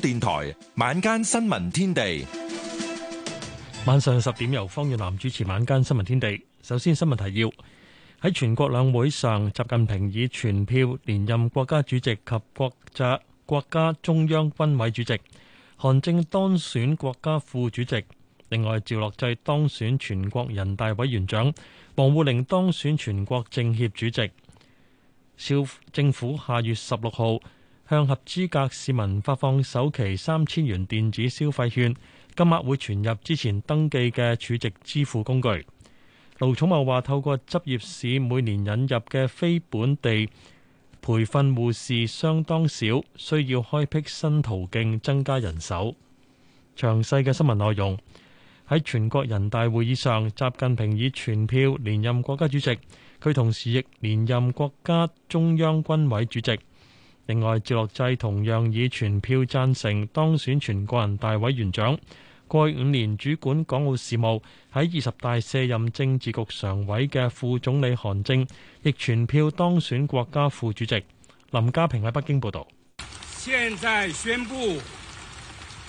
電台晚間新聞天地，晚上十點由方月南主持晚間新聞天地。首先新聞提要：喺全國兩會上，習近平以全票連任國家主席及國家，國家，國家中央軍委主席，韓正當選國家副主席，另外趙樂際當選全國人大委員長，王滬寧當選全國政協主席。少政府下月十六號。向合資格市民發放首期三千元電子消費券，金額會存入之前登記嘅儲值支付工具。盧寵茂話：透過執業試每年引入嘅非本地培訓護士相當少，需要開闢新途徑增加人手。詳細嘅新聞內容。喺全國人大會議上，習近平以全票連任國家主席，佢同時亦連任國家中央軍委主席。另外，趙樂際同樣以全票贊成當選全國人大委員長。過去五年主管港澳事務、喺二十大卸任政治局常委嘅副總理韓正，亦全票當選國家副主席。林家平喺北京報道。現在宣布，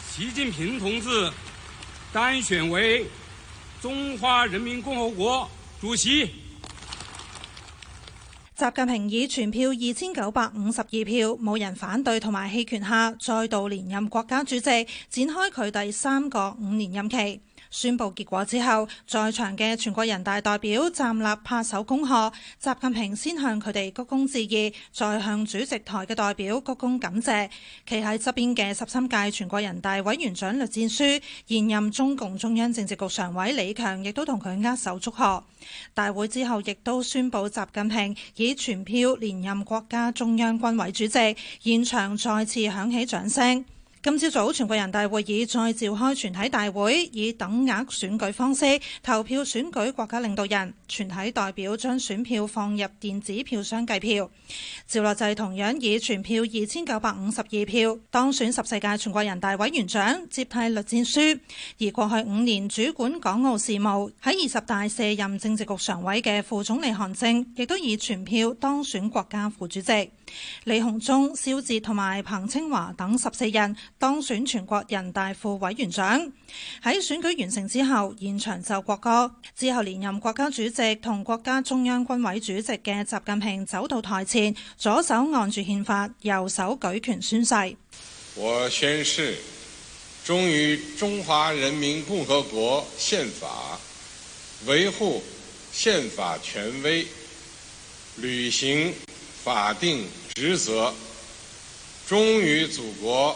習近平同志當選為中華人民共和國主席。習近平以全票二千九百五十二票，冇人反對同埋棄權下，再度連任國家主席，展開佢第三個五年任期。宣布結果之後，在場嘅全國人大代表站立拍手恭賀，習近平先向佢哋鞠躬致意，再向主席台嘅代表鞠躬感謝。企喺側邊嘅十三屆全國人大委員長栗戰書，現任中共中央政治局常委李強，亦都同佢握手祝賀。大會之後，亦都宣布習近平以全票連任國家中央軍委主席，現場再次響起掌聲。今朝早，早，全國人大會議再召開全體大會，以等額選舉方式投票選舉國家領導人。全體代表將選票放入電子票箱計票。趙樂際同樣以全票二千九百五十二票當選十四屆全國人大委員長，接替栗戰書。而過去五年主管港澳事務、喺二十大卸任政治局常委嘅副總理韓正，亦都以全票當選國家副主席。李鴻忠、肖捷同埋彭清華等十四人。當選全國人大副委員長，喺選舉完成之後，現場奏國歌。之後連任國家主席同國家中央軍委主席嘅習近平走到台前，左手按住憲法，右手舉拳宣誓。我宣誓，忠於中華人民共和國憲法，維護憲法權威，履行法定職責，忠於祖國。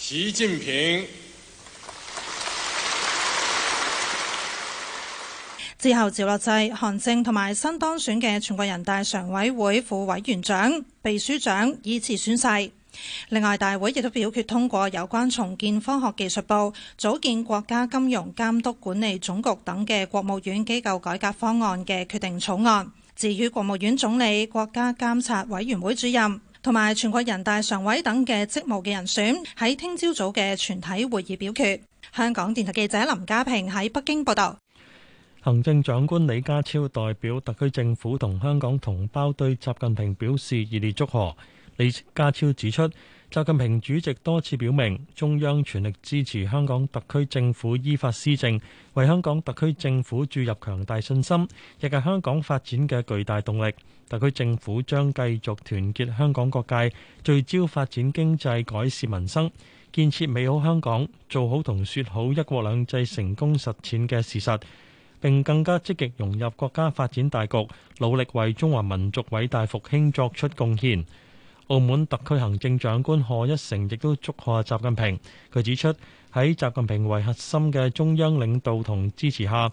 習近平之後，趙樂際、韓正同埋新當選嘅全國人大常委會副委員長、秘書長依次宣誓。另外，大會亦都表決通過有關重建科學技術部、組建國家金融監督管理總局等嘅國務院機構改革方案嘅決定草案。至於國務院總理、國家監察委員會主任，同埋全國人大常委等嘅職務嘅人選喺聽朝早嘅全體會議表決。香港電台記者林家平喺北京報道。行政長官李家超代表特區政府同香港同胞對習近平表示熱烈祝賀。李家超指出，習近平主席多次表明中央全力支持香港特區政府依法施政，為香港特區政府注入強大信心，亦係香港發展嘅巨大動力。特區政府將繼續團結香港各界，聚焦發展經濟、改善民生、建設美好香港，做好同説好一國兩制成功實踐嘅事實，並更加積極融入國家發展大局，努力為中華民族偉大復興作出貢獻。澳門特區行政長官賀一誠亦都祝賀習近平，佢指出，喺習近平為核心嘅中央領導同支持下，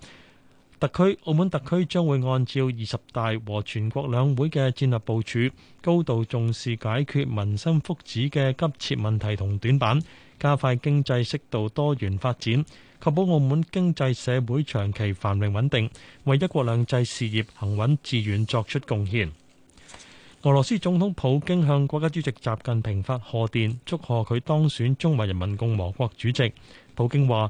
特區澳門特區將會按照二十大和全國兩會嘅戰略部署，高度重視解決民生福祉嘅急切問題同短板，加快經濟適度多元發展，確保澳門經濟社會長期繁榮穩定，為一國兩制事業行穩致遠作出貢獻。俄羅斯總統普京向國家主席習近平發賀電，祝賀佢當選中華人民共和國主席。普京話：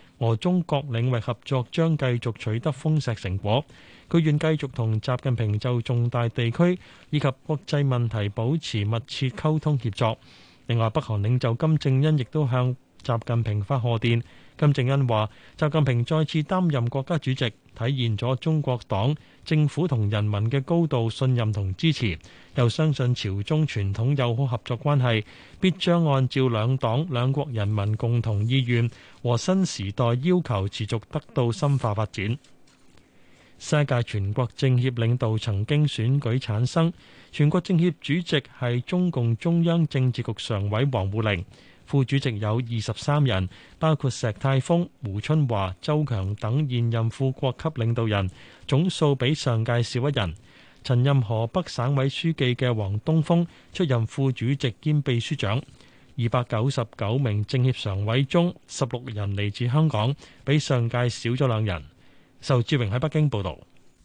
俄中國各領域合作將繼續取得豐碩成果，佢願繼續同習近平就重大地區以及國際問題保持密切溝通協作。另外，北韓領袖金正恩亦都向習近平發賀電，金正恩話：習近平再次擔任國家主席，體現咗中國黨、政府同人民嘅高度信任同支持，又相信朝中傳統友好合作關係必將按照兩黨、兩國人民共同意願和新時代要求持續得到深化發展。世界全國政協領導曾經選舉產生，全國政協主席係中共中央政治局常委王滬寧。副主席有二十三人，包括石泰峰、胡春華、周強等現任副國級領導人，總數比上屆少一人。曾任河北省委書記嘅王東峰出任副主席兼秘書長。二百九十九名政協常委中，十六人嚟自香港，比上屆少咗兩人。仇志榮喺北京報道。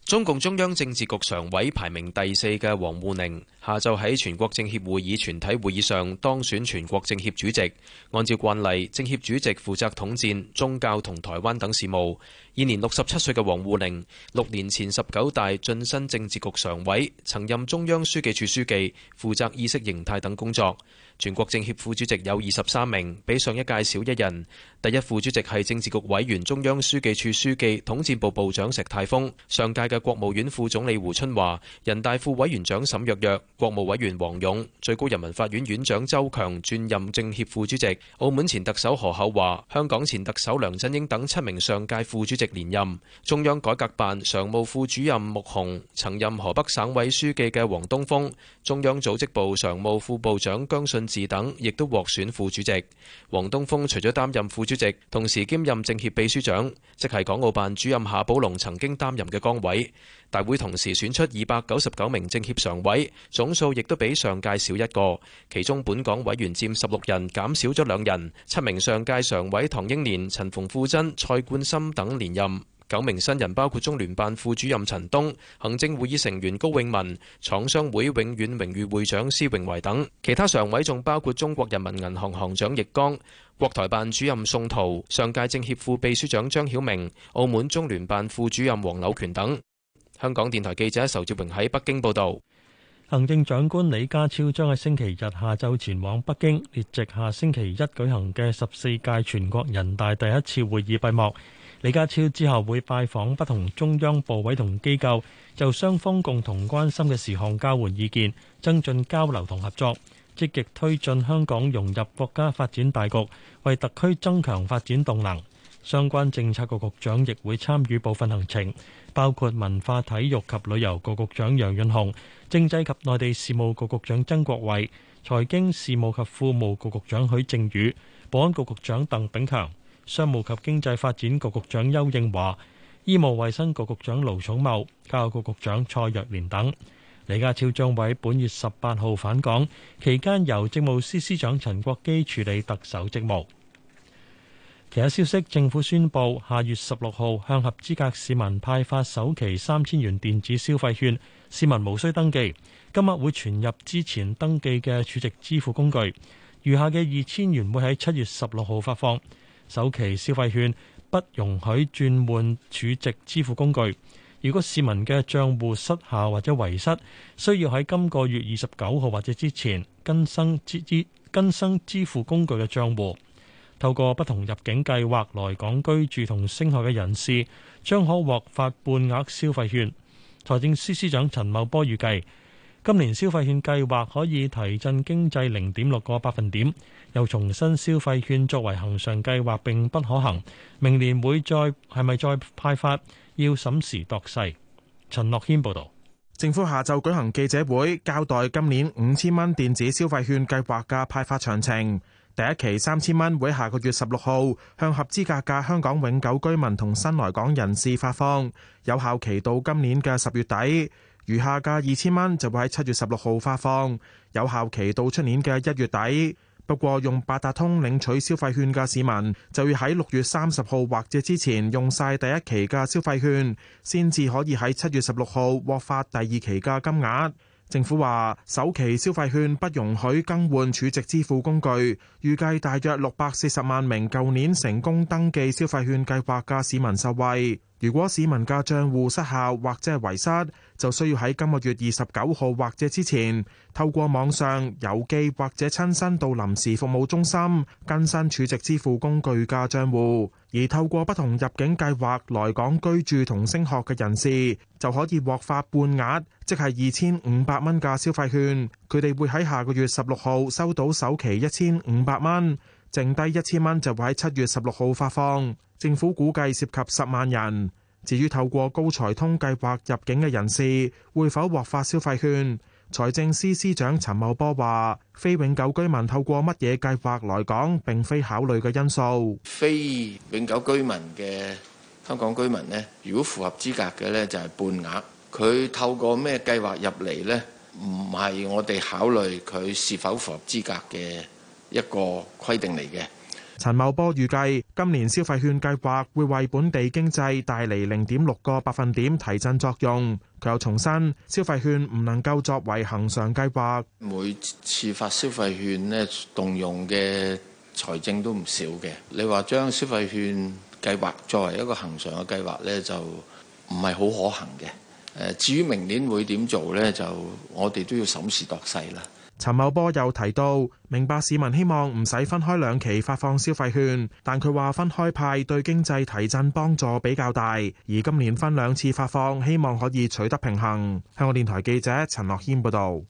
中共中央政治局常委排名第四嘅王滬寧，下晝喺全國政協會議全體會議上當選全國政協主席。按照慣例，政協主席負責統戰、宗教同台灣等事務。現年六十七歲嘅王滬寧，六年前十九大晉身政治局常委，曾任中央書記處書記，負責意識形態等工作。全國政協副主席有二十三名，比上一屆少一人。第一副主席係政治局委員、中央書記處書記、統戰部部長石泰峰。上屆嘅國務院副總理胡春華、人大副委員長沈躍躍、國務委員王勇、最高人民法院院長周強轉任政協副主席。澳門前特首何厚華、香港前特首梁振英等七名上屆副主席連任。中央改革辦常務副主任穆虹，曾任河北省委書記嘅王東峰，中央組織部常務副部長姜信。等亦都獲選副主席，黃東峰除咗擔任副主席，同時兼任政協秘書長，即係港澳辦主任夏寶龍曾經擔任嘅崗位。大會同時選出二百九十九名政協常委，總數亦都比上屆少一個。其中本港委員佔十六人，減少咗兩人。七名上屆常委唐英年、陳馮富珍、蔡冠深等連任。九名新人包括中聯辦副主任陳東、行政會議成員高永文、廠商會永遠榮譽會長施榮懷等。其他常委仲包括中國人民銀行行長易綱、國台辦主任宋濤、上屆政協副秘書長張曉明、澳門中聯辦副主任黃柳權等。香港電台記者仇志榮喺北京報道。行政長官李家超將喺星期日下晝前往北京，列席下星期一舉行嘅十四屆全國人大第一次會議閉幕。李家超之後會拜訪不同中央部委同機構，就雙方共同關心嘅事項交換意見，增進交流同合作，積極推進香港融入國家發展大局，為特區增強發展動能。相關政策局局長亦會參與部分行程，包括文化體育及旅遊局局長楊潤雄、政制及內地事務局局長曾國衛、財經事務及庫務局局長許正宇、保安局局長鄧炳強。商務及經濟發展局局長邱應華、醫務衛生局局長盧寵茂、教育局局長蔡若蓮等，李家超將喺本月十八號返港，期間由政務司司長陳國基處理特首職務。其他消息，政府宣布下月十六號向合資格市民派發首期三千元電子消費券，市民無需登記，今日會存入之前登記嘅儲值支付工具，餘下嘅二千元會喺七月十六號發放。首期消費券不容許轉換儲值支付工具。如果市民嘅帳戶失效或者遺失，需要喺今個月二十九號或者之前更新支支更新支付工具嘅帳戶。透過不同入境計劃來港居住同升學嘅人士，將可獲發半額消費券。財政司司長陳茂波預計。今年消費券計劃可以提振經濟零點六個百分點，又重申消費券作為恒常計劃並不可行。明年會再係咪再派發，要審時度勢。陳樂軒報導，政府下晝舉行記者會，交代今年五千蚊電子消費券計劃嘅派發詳情。第一期三千蚊會下個月十六號向合資格嘅香港永久居民同新來港人士發放，有效期到今年嘅十月底。餘下嘅二千蚊就會喺七月十六號發放，有效期到出年嘅一月底。不過，用八達通領取消費券嘅市民就要喺六月三十號或者之前用晒第一期嘅消費券，先至可以喺七月十六號獲發第二期嘅金額。政府話首期消費券不容許更換儲值支付工具，預計大約六百四十萬名舊年成功登記消費券計劃嘅市民受惠。如果市民嘅賬戶失效或者係遺失，就需要喺今個月二十九號或者之前，透過網上、郵寄或者親身到臨時服務中心更新儲值支付工具嘅賬戶。而透過不同入境計劃來港居住同升學嘅人士，就可以獲發半額，即係二千五百蚊嘅消費券。佢哋會喺下個月十六號收到首期一千五百蚊，剩低一千蚊就會喺七月十六號發放。政府估計涉及十萬人。至於透過高才通計劃入境嘅人士，會否獲發消費券？財政司司長陳茂波話：非永久居民透過乜嘢計劃來港，並非考慮嘅因素。非永久居民嘅香港居民咧，如果符合資格嘅咧，就係半額。佢透過咩計劃入嚟呢？唔係我哋考慮佢是否符合資格嘅一個規定嚟嘅。陳茂波預計今年消費券計劃會為本地經濟帶嚟零點六個百分點提振作用。佢又重申，消費券唔能夠作為恆常計劃。每次發消費券咧，動用嘅財政都唔少嘅。你話將消費券計劃作為一個恆常嘅計劃咧，就唔係好可行嘅。誒，至於明年會點做咧，就我哋都要審時度勢啦。陳茂波又提到，明白市民希望唔使分開兩期發放消費券，但佢話分開派對經濟提振幫助比較大，而今年分兩次發放，希望可以取得平衡。香港電台記者陳樂謙報導。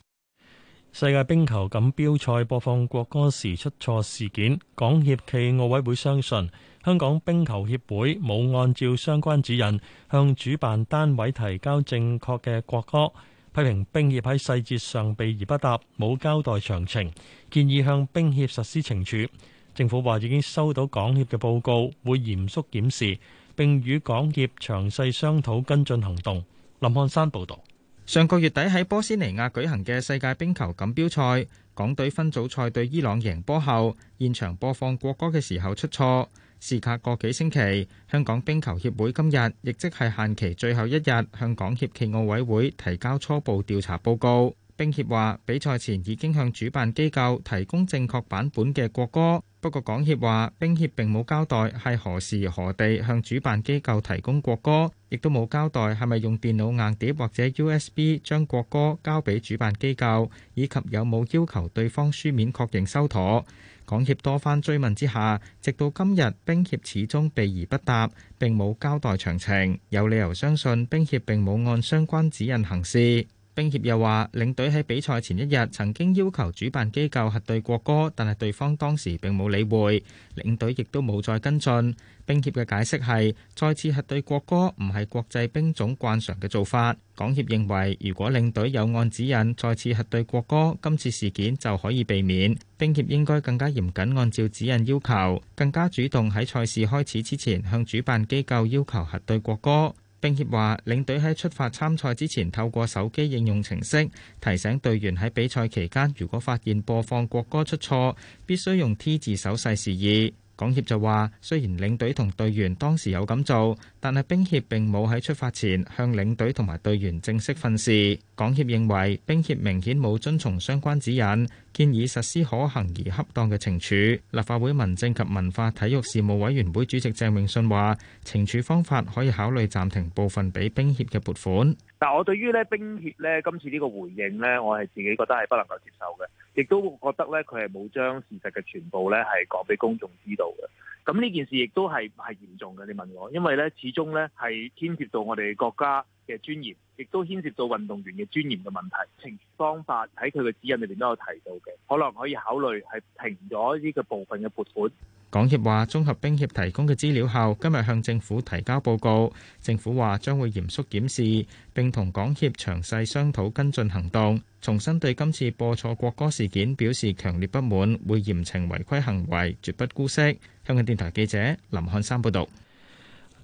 世界冰球錦標賽播放國歌時出錯事件，港協暨奧委會相信香港冰球協會冇按照相關指引向主辦單位提交正確嘅國歌。批評冰協喺細節上避而不答，冇交代詳情，建議向冰協實施懲處。政府話已經收到港協嘅報告，會嚴肅檢視，並與港協詳細商討跟進行動。林漢山報道：上個月底喺波斯尼亞舉行嘅世界冰球錦標賽，港隊分組賽對伊朗贏波後，現場播放國歌嘅時候出錯。事隔個幾星期，香港冰球協會今日亦即係限期最後一日，向港協暨奧委會提交初步調查報告。冰協話比賽前已經向主辦機構提供正確版本嘅國歌，不過港協話冰協並冇交代係何時何地向主辦機構提供國歌，亦都冇交代係咪用電腦硬碟或者 USB 將國歌交俾主辦機構，以及有冇要求對方書面確認收妥。港協多番追問之下，直到今日，冰協始終避而不答，並冇交代詳情，有理由相信冰協並冇按相關指引行事。冰協又話，領隊喺比賽前一日曾經要求主辦機構核對國歌，但係對方當時並冇理會，領隊亦都冇再跟進。冰協嘅解釋係，再次核對國歌唔係國際冰總慣常嘅做法。港協認為，如果領隊有按指引再次核對國歌，今次事件就可以避免。冰協應該更加嚴謹，按照指引要求，更加主動喺賽事開始之前向主辦機構要求核對國歌。冰協話，領隊喺出發參賽之前，透過手機應用程式提醒隊員喺比賽期間，如果發現播放國歌出錯，必須用 T 字手勢示意。港協就話，雖然領隊同隊員當時有咁做，但係冰協並冇喺出發前向領隊同埋隊員正式訓示。港協認為冰協明顯冇遵從相關指引，建議實施可行而恰當嘅懲處。立法會民政及文化體育事務委員會主席鄭泳舜話：懲處方法可以考慮暫停部分俾冰協嘅撥款。但係我對於呢冰協呢今次呢個回應呢，我係自己覺得係不能夠接受嘅。亦都覺得咧，佢係冇將事實嘅全部咧係講俾公眾知道嘅。咁呢件事亦都係係嚴重嘅。你問我，因為咧始終咧係牽涉到我哋國家嘅尊嚴，亦都牽涉到運動員嘅尊嚴嘅問題。程序方法喺佢嘅指引裏邊都有提到嘅，可能可以考慮係停咗呢個部分嘅撥款。港協話綜合兵協提供嘅資料後，今日向政府提交報告。政府話將會嚴肅檢視，並同港協詳細商討跟進行動。重新對今次播錯國歌事件表示強烈不滿，會嚴懲違規行為，絕不姑息。香港電台記者林漢山報道。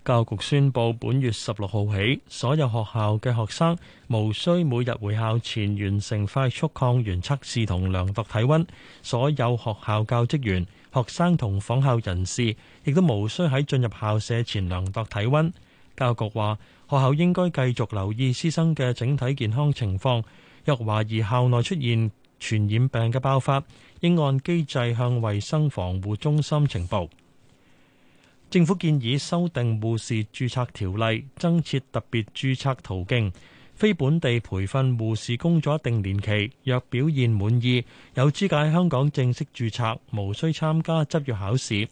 教育局宣布，本月十六號起，所有學校嘅學生無需每日回校前完成快速抗原測試同量度體温。所有學校教職員、學生同訪校人士亦都無需喺進入校舍前量度體温。教育局話，學校應該繼續留意師生嘅整體健康情況，若懷疑校內出現傳染病嘅爆發，應按機制向衛生防護中心呈報。政府建議修訂護士註冊條例，增設特別註冊途徑，非本地培訓護士工作一定年期，若表現滿意，有資格喺香港正式註冊，無需參加執業考試。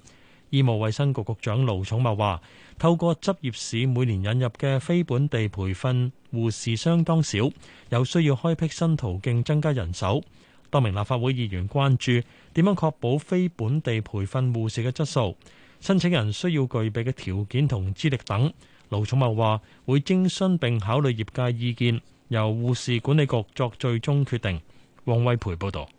醫務衛生局局長盧寵茂話：透過執業試每年引入嘅非本地培訓護士相當少，有需要開闢新途徑增加人手。多名立法會議員關注點樣確保非本地培訓護士嘅質素。申請人需要具備嘅條件同資歷等，盧寵茂話會徵詢並考慮業界意見，由護士管理局作最終決定。王惠培報導。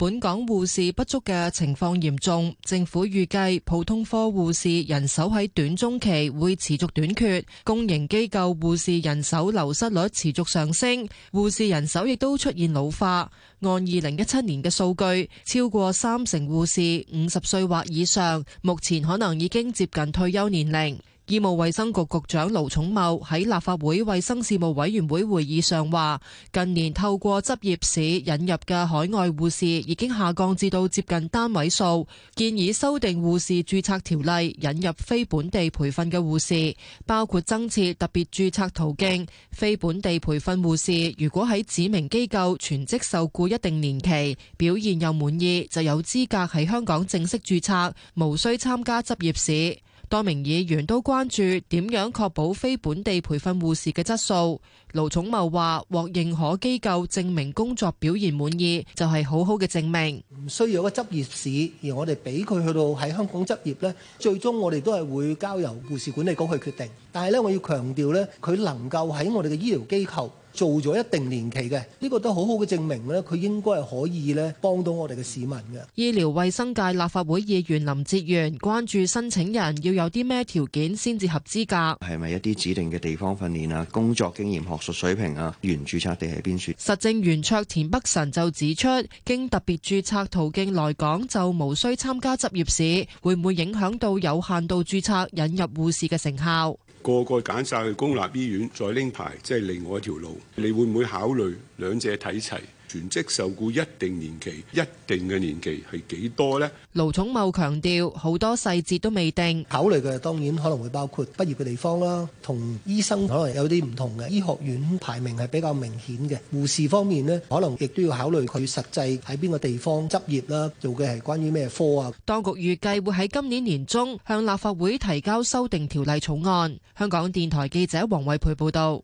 本港護士不足嘅情況嚴重，政府預計普通科護士人手喺短中期會持續短缺，公營機構護士人手流失率持續上升，護士人手亦都出現老化。按二零一七年嘅數據，超過三成護士五十歲或以上，目前可能已經接近退休年齡。醫務衛生局局長盧寵茂喺立法會衛生事務委員會會議上話，近年透過執業試引入嘅海外護士已經下降至到接近單位數，建議修訂護士注冊條例，引入非本地培訓嘅護士，包括增設特別注冊途徑。非本地培訓護士如果喺指明機構全職受雇一定年期，表現又滿意，就有資格喺香港正式注冊，無需參加執業試。多名議員都關注點樣確保非本地培訓護士嘅質素。盧寵茂話，獲認可機構證明工作表現滿意，就係好好嘅證明。唔需要一個執業試，而我哋俾佢去到喺香港執業呢，最終我哋都係會交由護士管理局去決定。但係呢，我要強調呢，佢能夠喺我哋嘅醫療機構做咗一定年期嘅呢、這個都好好嘅證明咧，佢應該，係可以咧幫到我哋嘅市民嘅。醫療衛生界立法會議員林哲玄關注申請人要有啲咩條件先至合資格？係咪一啲指定嘅地方訓練啊、工作經驗、學術水平啊、原註冊地喺邊處？實政圓桌田北辰就指出，經特別註冊途徑來港就無需參加執業試，會唔會影響到有限度註冊引入護士嘅成效？個個揀曬去公立醫院，再拎牌，即係另外一條路。你會唔會考慮兩者睇齊？全職受雇一定年期，一定嘅年期係幾多呢？盧寵茂強調，好多細節都未定，考慮嘅當然可能會包括畢業嘅地方啦，同醫生可能有啲唔同嘅醫學院排名係比較明顯嘅。護士方面呢，可能亦都要考慮佢實際喺邊個地方執業啦，做嘅係關於咩科啊？當局預計會喺今年年中向立法會提交修訂條例草案。香港電台記者黃惠培報道。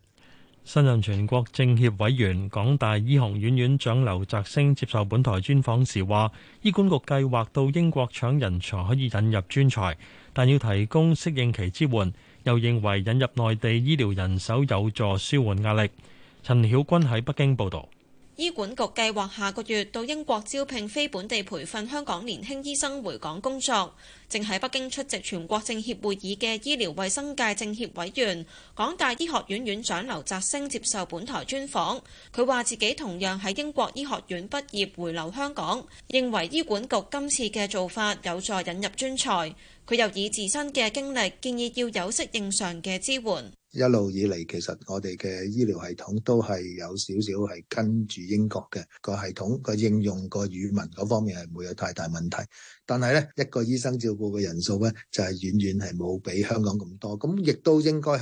新任全國政協委員、港大醫學院院長劉澤星接受本台專訪時話，醫管局計劃到英國搶人才可以引入專才，但要提供適應期支援。又認為引入內地醫療人手有助舒緩壓力。陳曉君喺北京報道。醫管局計劃下個月到英國招聘非本地培訓香港年輕醫生回港工作。正喺北京出席全國政協會議嘅醫療衛生界政協委員、港大醫學院院長劉澤星接受本台專訪，佢話自己同樣喺英國醫學院畢業回流香港，認為醫管局今次嘅做法有助引入專才。佢又以自身嘅經歷建議要有適應上嘅支援。一路以嚟，其實我哋嘅醫療系統都係有少少係跟住英國嘅個系統，個應用個語文嗰方面係唔會有太大問題，但係咧一個醫生照顧嘅人數咧就係遠遠係冇比香港咁多，咁亦都應該係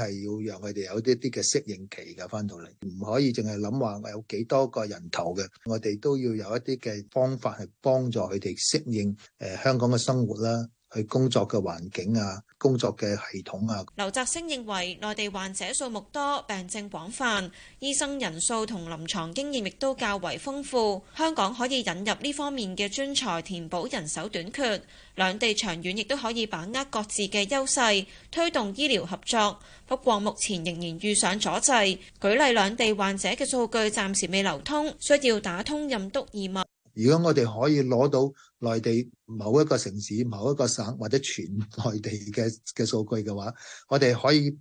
要讓佢哋有一啲啲嘅適應期嘅翻，到嚟，唔可以淨係諗話有幾多個人頭嘅，我哋都要有一啲嘅方法去幫助佢哋適應誒香港嘅生活啦。去工作嘅環境啊，工作嘅系統啊。劉澤星認為，內地患者數目多，病症廣泛，醫生人數同臨床經驗亦都較為豐富。香港可以引入呢方面嘅專才，填補人手短缺。兩地長遠亦都可以把握各自嘅優勢，推動醫療合作。不過目前仍然遇上阻滯。舉例，兩地患者嘅數據暫時未流通，需要打通任督二脈。如果我哋可以攞到內地，某一個城市、某一個省或者全內地嘅嘅數據嘅話，我哋可以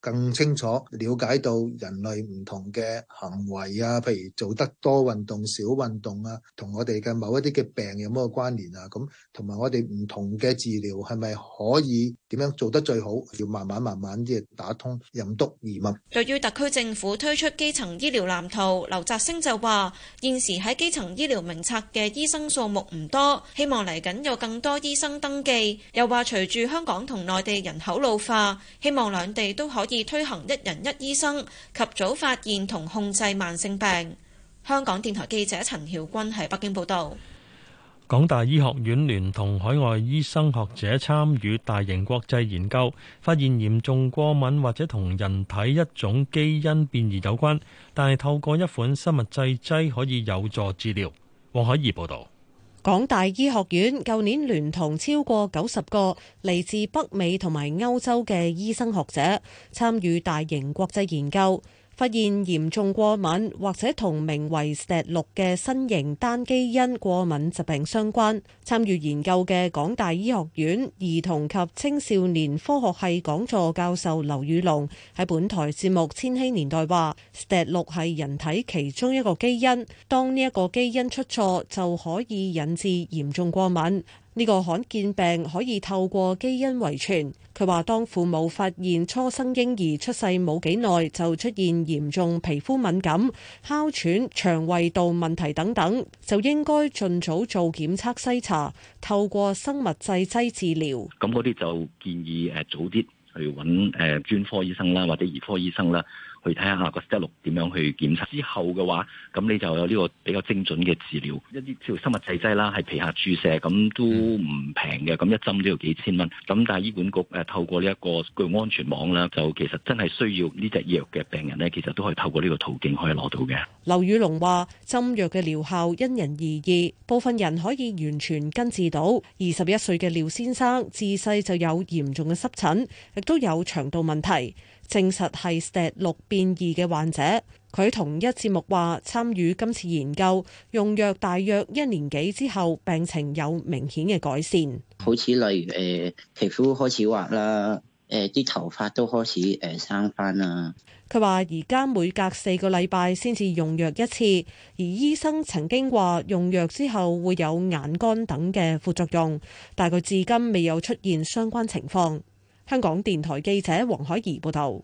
更清楚了解到人類唔同嘅行為啊，譬如做得多運動少運動啊，同我哋嘅某一啲嘅病有冇關聯啊？咁同埋我哋唔同嘅治療係咪可以點樣做得最好？要慢慢慢慢即打通任督二脈。對於特區政府推出基層醫療藍圖，劉澤星就話現時喺基層醫療名冊嘅醫生數目唔多，希望嚟緊。有更多醫生登記，又話隨住香港同內地人口老化，希望兩地都可以推行一人一醫生，及早發現同控制慢性病。香港電台記者陳曉君喺北京報道。港大醫學院聯同海外醫生學者參與大型國際研究，發現嚴重過敏或者同人體一種基因變異有關，但係透過一款生物製劑可以有助治療。黃海怡報道。港大醫學院舊年聯同超過九十個嚟自北美同埋歐洲嘅醫生學者，參與大型國際研究。發現嚴重過敏或者同名為 STAT6 嘅新型單基因過敏疾病相關。參與研究嘅港大醫學院兒童及青少年科學系講座教授劉宇龍喺本台節目《千禧年代》話：STAT6 係人體其中一個基因，當呢一個基因出錯就可以引致嚴重過敏。呢個罕見病可以透過基因遺傳。佢話：當父母發現初生嬰兒出世冇幾耐就出現嚴重皮膚敏感、哮喘、腸胃道問題等等，就應該盡早做檢測篩查，透過生物製劑治療。咁嗰啲就建議誒早啲去揾誒專科醫生啦，或者兒科醫生啦。去睇下個 C 六點樣去檢查之後嘅話，咁你就有呢個比較精準嘅治療，一啲叫生物製劑啦，係皮下注射，咁都唔平嘅，咁一針都要幾千蚊。咁但係醫管局誒透過呢一個個安全網啦，就其實真係需要呢隻藥嘅病人呢，其實都可以透過呢個途徑可以攞到嘅。劉宇龍話：針藥嘅療效因人而異，部分人可以完全根治到。二十一歲嘅廖先生自細就有嚴重嘅濕疹，亦都有腸道問題。證實係 STAT6 變異嘅患者，佢同一節目話參與今次研究，用藥大約一年幾之後，病情有明顯嘅改善。好似例如誒、呃，皮膚開始滑啦，誒、呃、啲頭髮都開始誒、呃、生翻啦。佢話而家每隔四個禮拜先至用藥一次，而醫生曾經話用藥之後會有眼乾等嘅副作用，但佢至今未有出現相關情況。香港電台記者黃海怡報道：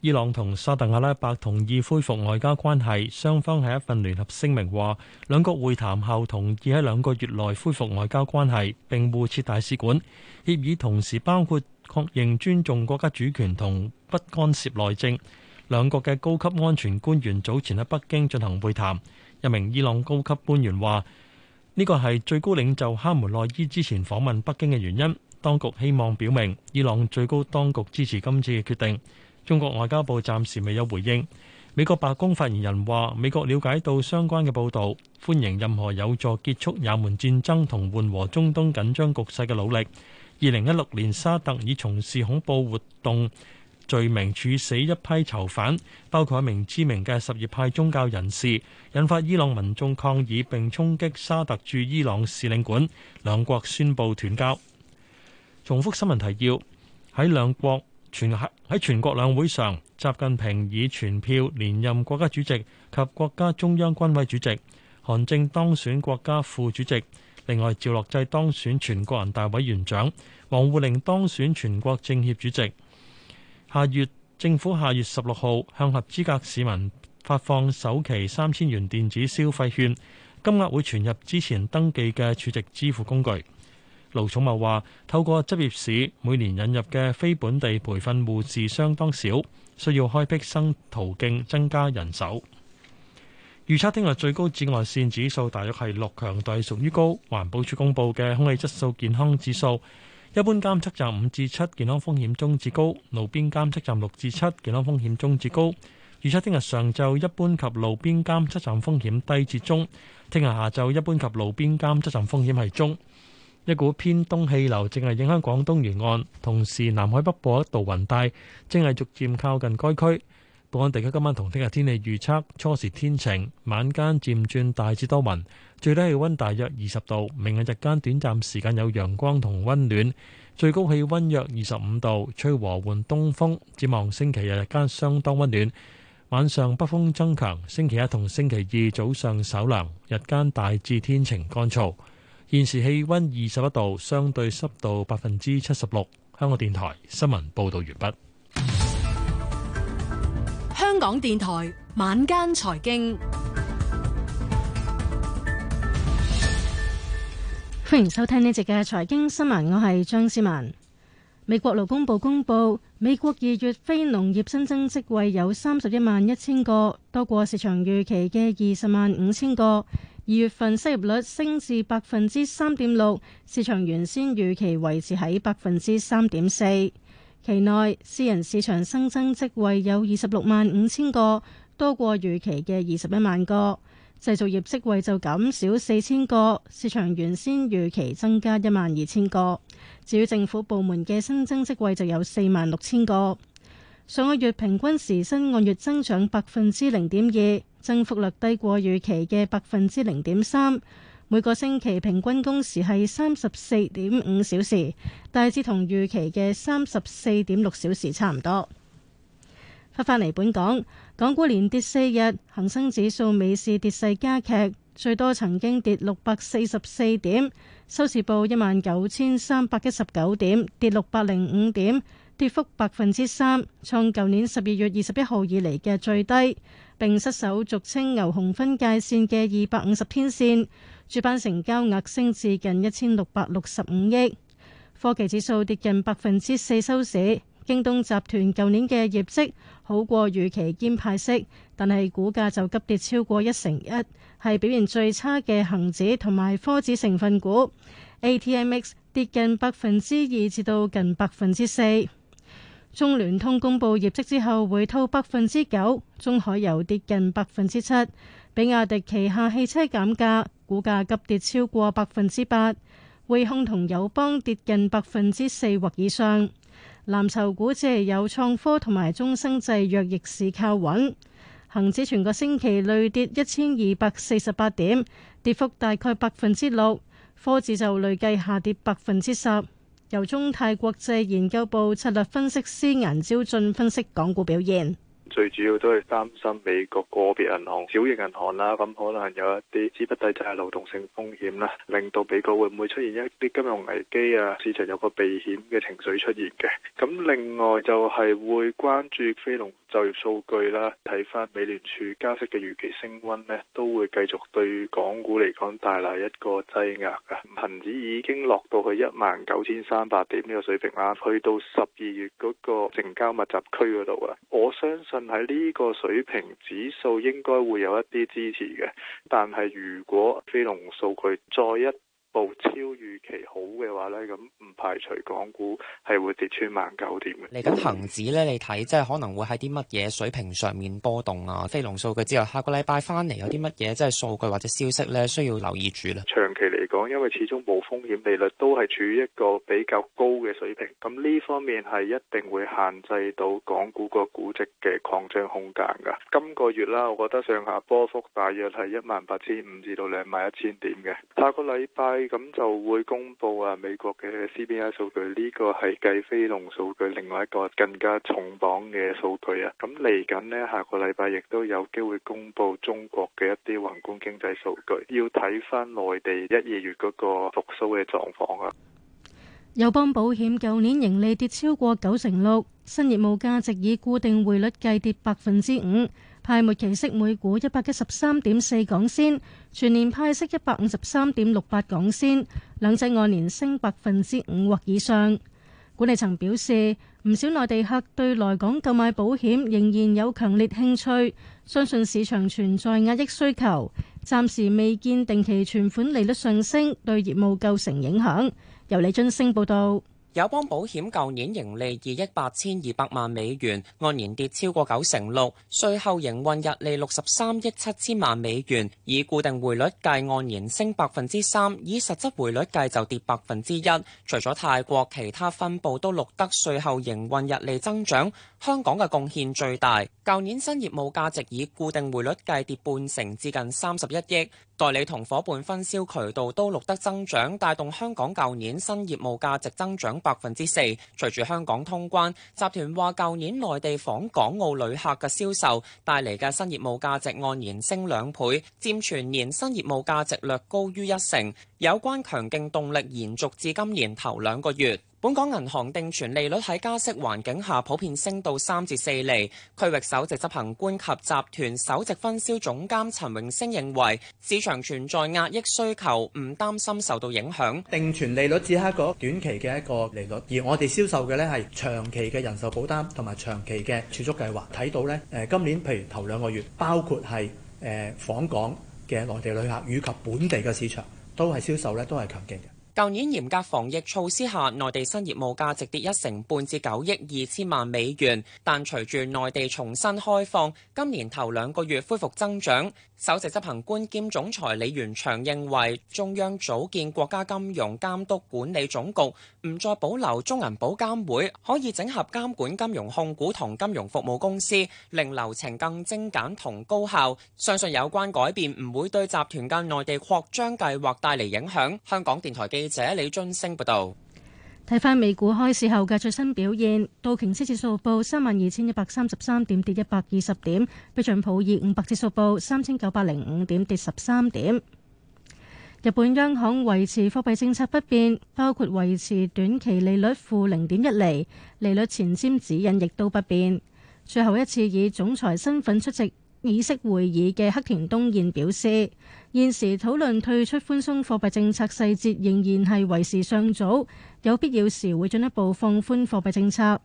伊朗同沙特阿拉伯同意恢復外交關係，雙方喺一份聯合聲明話，兩國會談後同意喺兩個月內恢復外交關係，並互設大使館。協議同時包括確認尊重國家主權同不干涉內政。兩國嘅高級安全官員早前喺北京進行會談。一名伊朗高級官員話：呢個係最高領袖哈梅內伊之前訪問北京嘅原因。當局希望表明，伊朗最高當局支持今次嘅決定。中國外交部暫時未有回應。美國白宮發言人話：美國了解到相關嘅報導，歡迎任何有助結束也門戰爭同緩和中東緊張局勢嘅努力。二零一六年，沙特以從事恐怖活動罪名處死一批囚犯，包括一名知名嘅什葉派宗教人士，引發伊朗民眾抗議並衝擊沙特駐伊朗使領館，兩國宣布斷交。重複新聞提要：喺兩國全喺全國兩會上，習近平以全票連任國家主席及國家中央軍委主席，韓正當選國家副主席。另外，趙樂際當選全國人大委員長，王滬寧當選全國政協主席。下月政府下月十六號向合資格市民發放首期三千元電子消費券，金額會存入之前登記嘅儲值支付工具。盧寵茂話：透過執業試，每年引入嘅非本地培訓護士相當少，需要開闢新途徑增加人手。預測聽日最高紫外線指數大約係六，強度屬於高。環保署公布嘅空氣質素健康指數，一般監測站五至七，健康風險中至高；路邊監測站六至七，健康風險中至高。預測聽日上晝一般及路邊監測站風險低至中，聽日下晝一般及路邊監測站風險係中。一股偏東氣流正係影響廣東沿岸，同時南海北部一道雲帶正係逐漸靠近該區。本港地區今晚同聽日天氣預測，初時天晴，晚間漸轉大致多雲，最低氣溫大約二十度。明日日間短暫時間有陽光同溫暖，最高氣溫約二十五度，吹和緩東風。展望星期日日間相當溫暖，晚上北風增強，星期一同星期二早上稍涼，日間大致天晴乾燥。現時氣溫二十一度，相對濕度百分之七十六。香港電台新聞報道完畢。香港電台晚間財經，歡迎收聽呢節嘅財經新聞，我係張思文。美國勞工部公布，美國二月非農業新增職位有三十一萬一千個，多過市場預期嘅二十萬五千個。二月份失業率升至百分之三點六，市場原先預期維持喺百分之三點四。期內私人市場新增職位有二十六萬五千個，多過預期嘅二十一萬個。製造業職位就減少四千個，市場原先預期增加一萬二千個。至於政府部門嘅新增職位就有四萬六千個。上個月平均時薪按月增長百分之零點二。增幅率低過預期嘅百分之零點三，每個星期平均工時係三十四點五小時，大致同預期嘅三十四點六小時差唔多。翻返嚟本港，港股連跌四日，恒生指數美市跌勢加劇，最多曾經跌六百四十四點，收市報一萬九千三百一十九點，跌六百零五點，跌幅百分之三，創舊年十二月二十一號以嚟嘅最低。並失守俗稱牛熊分界線嘅二百五十天線，主板成交額升至近一千六百六十五億。科技指數跌近百分之四收市。京東集團舊年嘅業績好過預期兼派息，但係股價就急跌超過一成一，係表現最差嘅恒指同埋科指成分股。ATMX 跌近百分之二至到近百分之四。中聯通公布業績之後，回吐百分之九；中海油跌近百分之七；比亞迪旗下汽車減價，股價急跌超過百分之八；匯控同友邦跌近百分之四或以上。藍籌股只係有創科同埋中生製藥，逆市靠穩。恒指全個星期累跌一千二百四十八點，跌幅大概百分之六；科指就累計下跌百分之十。由中泰國際研究部策略分析師顏朝俊分析港股表現，最主要都係擔心美國個別銀行、小型銀行啦，咁可能有一啲，資不抵債就係流動性風險啦，令到美國會唔會出現一啲金融危機啊？市場有個避險嘅情緒出現嘅，咁另外就係會關注非農。就業數據啦，睇翻美聯儲加息嘅預期升溫呢，都會繼續對港股嚟講帶來一個擠壓嘅。恒指已經落到去一萬九千三百點呢個水平啦，去到十二月嗰個成交密集區嗰度啊，我相信喺呢個水平指數應該會有一啲支持嘅。但係如果非農數據再一超預期好嘅話咧，咁唔排除港股係會跌穿萬九點嘅。嚟緊恒指咧，你睇即係可能會喺啲乜嘢水平上面波動啊？非農數據之後，下個禮拜翻嚟有啲乜嘢即係數據或者消息咧，需要留意住咧。長期嚟講，因為始終冇風險利率都係處於一個比較高嘅水平，咁呢方面係一定會限制到港股個估值嘅擴張空間㗎。今個月啦，我覺得上下波幅大約係一萬八千五至到兩萬一千點嘅。下個禮拜。咁就會公布啊，美國嘅 CPI 數據，呢個係計非農數據另外一個更加重磅嘅數據啊！咁嚟緊呢，下個禮拜亦都有機會公布中國嘅一啲宏觀經濟數據，要睇翻內地一二月嗰個復甦嘅狀況啊！友邦保險舊年盈利跌超過九成六，新業務價值以固定匯率計跌百分之五。派末期息每股一百一十三點四港仙，全年派息一百五十三點六八港仙，兩證按年升百分之五或以上。管理層表示，唔少內地客對來港購買保險仍然有強烈興趣，相信市場存在壓抑需求，暫時未見定期存款利率上升對業務構成影響。由李俊升報道。友邦保險舊年盈利二億八千二百萬美元，按年跌超過九成六，稅後營運日利六十三億七千萬美元，以固定匯率計按年升百分之三，以實質匯率計就跌百分之一。除咗泰國，其他分部都錄得稅後營運日利增長，香港嘅貢獻最大。舊年新業務價值以固定匯率計跌半成，至近三十一億。代理同伙伴分銷渠道都錄得增長，帶動香港舊年新業務價值增長。百分之四，隨住香港通關，集團話舊年內地訪港澳旅客嘅銷售帶嚟嘅新業務價值按年升兩倍，占全年新業務價值略高於一成。有關強勁動力延續至今年頭兩個月。本港銀行定存利率喺加息環境下普遍升到三至四厘。區域首席執行官及集團首席分銷總監陳永升認為，市場存在壓抑需求，唔擔心受到影響。定存利率只係一個短期嘅一個利率，而我哋銷售嘅呢係長期嘅人壽保單同埋長期嘅儲蓄計劃。睇到呢，誒今年譬如頭兩個月，包括係誒、呃、訪港嘅內地旅客以及本地嘅市場，都係銷售呢都係強勁嘅。舊年嚴格防疫措施下，內地新業務價值跌一成半至九億二千萬美元。但隨住內地重新開放，今年頭兩個月恢復增長。首席執行官兼總裁李源祥認為，中央組建國家金融監督管理總局，唔再保留中銀保監會，可以整合監管金融控股同金融服務公司，令流程更精簡同高效。相信有關改變唔會對集團嘅內地擴張計劃帶嚟影響。香港電台記記者李俊升報道，睇返美股開市後嘅最新表現，道瓊斯指數報三萬二千一百三十三點，跌一百二十點；標準普爾五百指數報三千九百零五點，跌十三點。日本央行維持貨幣政策不變，包括維持短期利率負零點一厘，利率前瞻指引亦都不變。最後一次以總裁身份出席議息會議嘅黑田東彥表示，現時討論退出寬鬆貨幣政策細節仍然係為時尚早，有必要時會進一步放寬貨幣政策。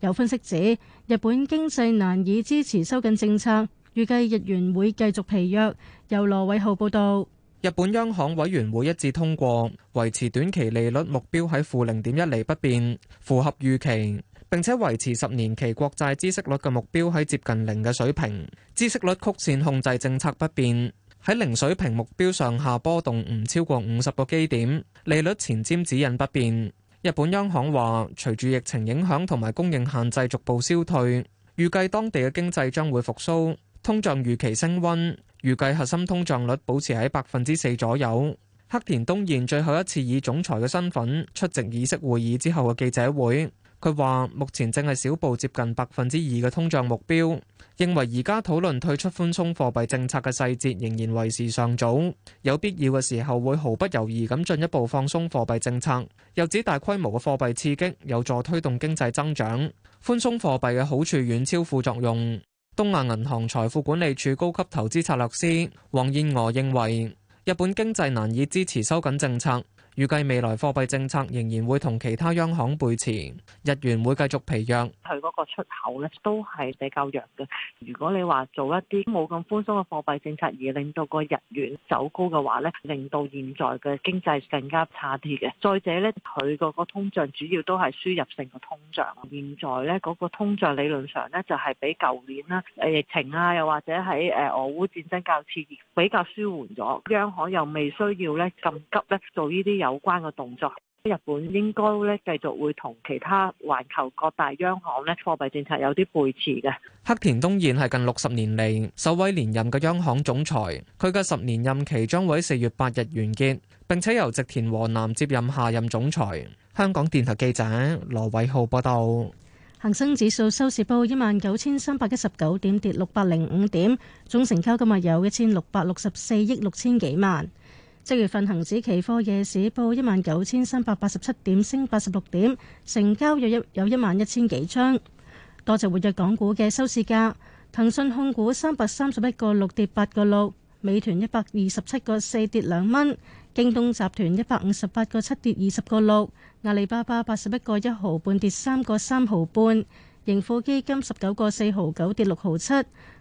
有分析指，日本經濟難以支持收緊政策，預計日元會繼續疲弱。由羅偉浩報導，日本央行委員會一致通過維持短期利率目標喺負零點一厘不變，符合預期。並且維持十年期國債孳息率嘅目標喺接近零嘅水平，孳息率曲線控制政策不變，喺零水平目標上下波動唔超過五十個基點。利率前瞻指引不變。日本央行話，隨住疫情影響同埋供應限制逐步消退，預計當地嘅經濟將會復蘇，通脹預期升溫，預計核心通脹率保持喺百分之四左右。黑田東彥最後一次以總裁嘅身份出席議息會議之後嘅記者會。佢話：目前正係小步接近百分之二嘅通脹目標，認為而家討論退出寬鬆貨幣政策嘅細節仍然為時尚早。有必要嘅時候會毫不猶豫咁進一步放鬆貨幣政策。又指大規模嘅貨幣刺激有助推動經濟增長。寬鬆貨幣嘅好處遠超副作用。東亞銀行財富管理處高級投資策略師黃燕娥認為，日本經濟難以支持收緊政策。預計未來貨幣政策仍然會同其他央行背馳，日元會繼續疲弱。佢嗰個出口咧都係比較弱嘅。如果你話做一啲冇咁寬鬆嘅貨幣政策而令到個日元走高嘅話咧，令到現在嘅經濟更加差啲嘅。再者咧，佢嗰個通脹主要都係輸入性嘅通脹。現在咧嗰個通脹理論上咧就係比舊年啦，誒疫情啊，又或者喺誒俄烏戰爭較次而比較舒緩咗，央行又未需要咧咁急咧做呢啲有關嘅動作，日本應該咧繼續會同其他環球各大央行咧貨幣政策有啲背馳嘅。黑田東彥係近六十年嚟首位連任嘅央行總裁，佢嘅十年任期將會喺四月八日完結，並且由植田和男接任下任總裁。香港電台記者羅偉浩報道。恒生指數收市報一萬九千三百一十九點，跌六百零五點，總成交今日有一千六百六十四億六千幾萬。即月份恆指期貨夜市報一萬九千三百八十七點，升八十六點，成交有一有一萬一千幾張。多隻活躍港股嘅收市價：騰訊控股三百三十一個六跌八個六，美團一百二十七個四跌兩蚊，京東集團一百五十八個七跌二十個六，阿里巴巴八十一個一毫半跌三個三毫半，盈富基金十九個四毫九跌六毫七。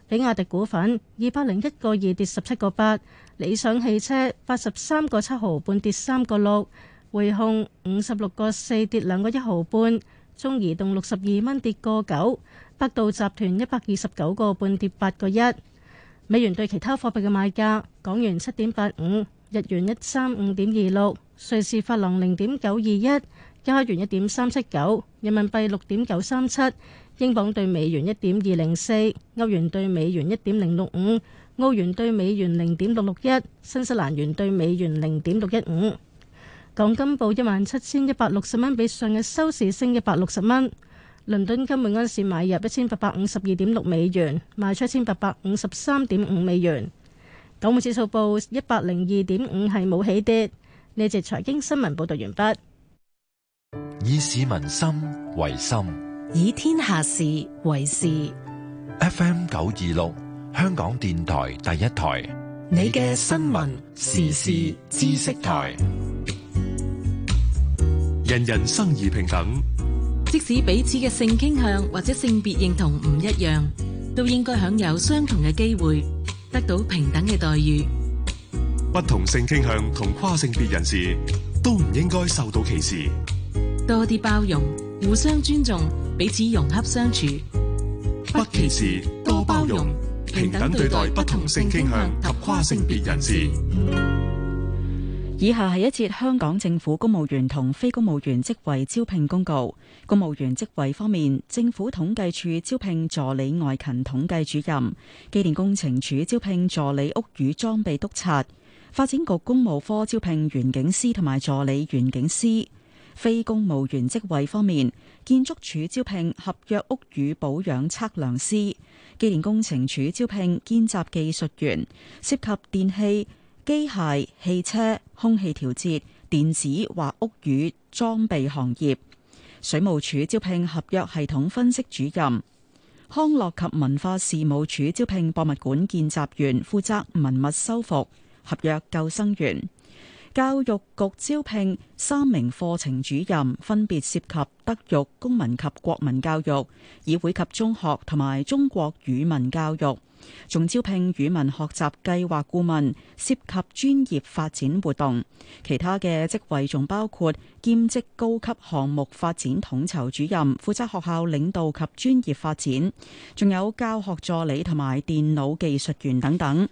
比亞迪股份二百零一個二跌十七個八，理想汽車八十三個七毫半跌三個六，匯控五十六個四跌兩個一毫半，中移動六十二蚊跌個九，百度集團一百二十九個半跌八個一，美元對其他貨幣嘅賣價：港元七點八五，日元一三五點二六，瑞士法郎零點九二一，加元一點三七九，人民幣六點九三七。英鎊兌美元一點二零四，歐元兌美元一點零六五，澳元兌美元零點六六一，新西蘭元兌美元零點六一五。港金報一萬七千一百六十蚊，比上日收市升一百六十蚊。倫敦金每安士買入一千八百五十二點六美元，賣出一千八百五十三點五美元。港匯指數報一百零二點五，係冇起跌。呢節財經新聞報道完畢。以市民心為心。以天下事為事。FM 九二六，香港電台第一台。你嘅新聞、時事、知識台。人人生而平等，即使彼此嘅性傾向或者性別認同唔一樣，都應該享有相同嘅機會，得到平等嘅待遇。不同性傾向同跨性別人士都唔應該受到歧視。多啲包容。互相尊重，彼此融洽相處；不歧視，多包容，平等對待不同性傾向及跨性別人士。以下係一節香港政府公務員同非公務員職位招聘公告。公務員職位方面，政府統計處招聘助理外勤統計主任，機電工程署招聘助理屋宇裝備督察，發展局公務科招聘園境師同埋助理園境師。非公務員職位方面，建築署招聘合約屋宇保養測量師；機電工程署招聘兼職技術員，涉及電器、機械、汽車、空氣調節、電子或屋宇裝備行業；水務署招聘合約系統分析主任；康樂及文化事務署招聘博物館兼職員，負責文物修復、合約救生員。教育局招聘三名課程主任，分別涉及德育、公民及國民教育、議會及中學同埋中國語文教育，仲招聘語文學習計劃顧問，涉及專業發展活動。其他嘅職位仲包括兼職高級項目發展統籌主任，負責學校領導及專業發展，仲有教學助理同埋電腦技術員等等。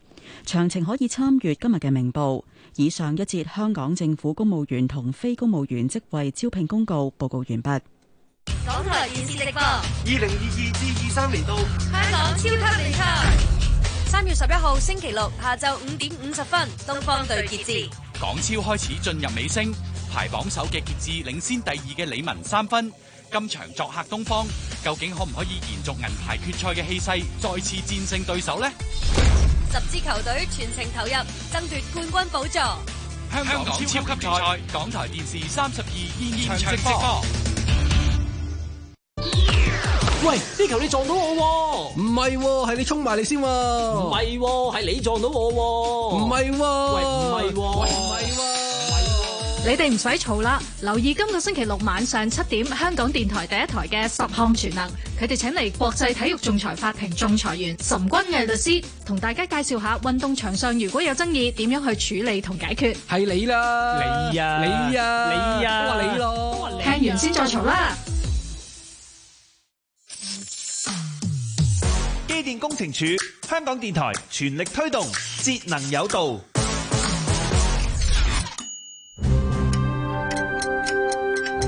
詳情可以參閱今日嘅明報。以上一節香港政府公務員同非公務員職位招聘公告。報告完畢。港台電視直播。二零二二至二三年度香港超級聯賽三月十一號星期六下晝五點五十分，東方隊傑志。港超開始進入尾聲，排榜首嘅傑志領先第二嘅理文三分。今場作客東方，究竟可唔可以延續銀牌決賽嘅氣勢，再次戰勝對手呢？十支球隊全程投入爭奪冠軍寶座。香港超級聯賽，港台電視三十二現場直播。喂，呢球你撞到我，唔係，係你衝埋嚟先嘛？唔係，係你撞到我，唔係，喂，唔係，唔係。你哋唔使嘈啦，留意今個星期六晚上七點香港電台第一台嘅十項全能，佢哋請嚟國際體育仲裁法庭仲裁員岑君毅律師，同大家介紹下運動場上如果有爭議，點樣去處理同解決。係你啦，你呀，你呀，你呀，你咯，聽完先再嘈啦。機電工程署，香港電台全力推動節能有道。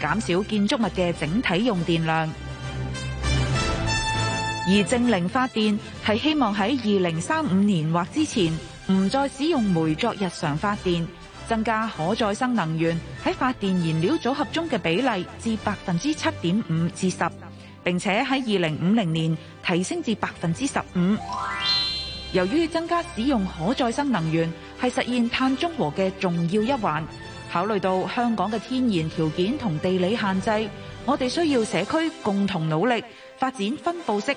減少建築物嘅整體用電量，而淨零發電係希望喺二零三五年或之前唔再使用煤作日常發電，增加可再生能源喺發電燃料組合中嘅比例至百分之七點五至十，並且喺二零五零年提升至百分之十五。由於增加使用可再生能源係實現碳中和嘅重要一環。考慮到香港嘅天然條件同地理限制，我哋需要社區共同努力，發展分佈式。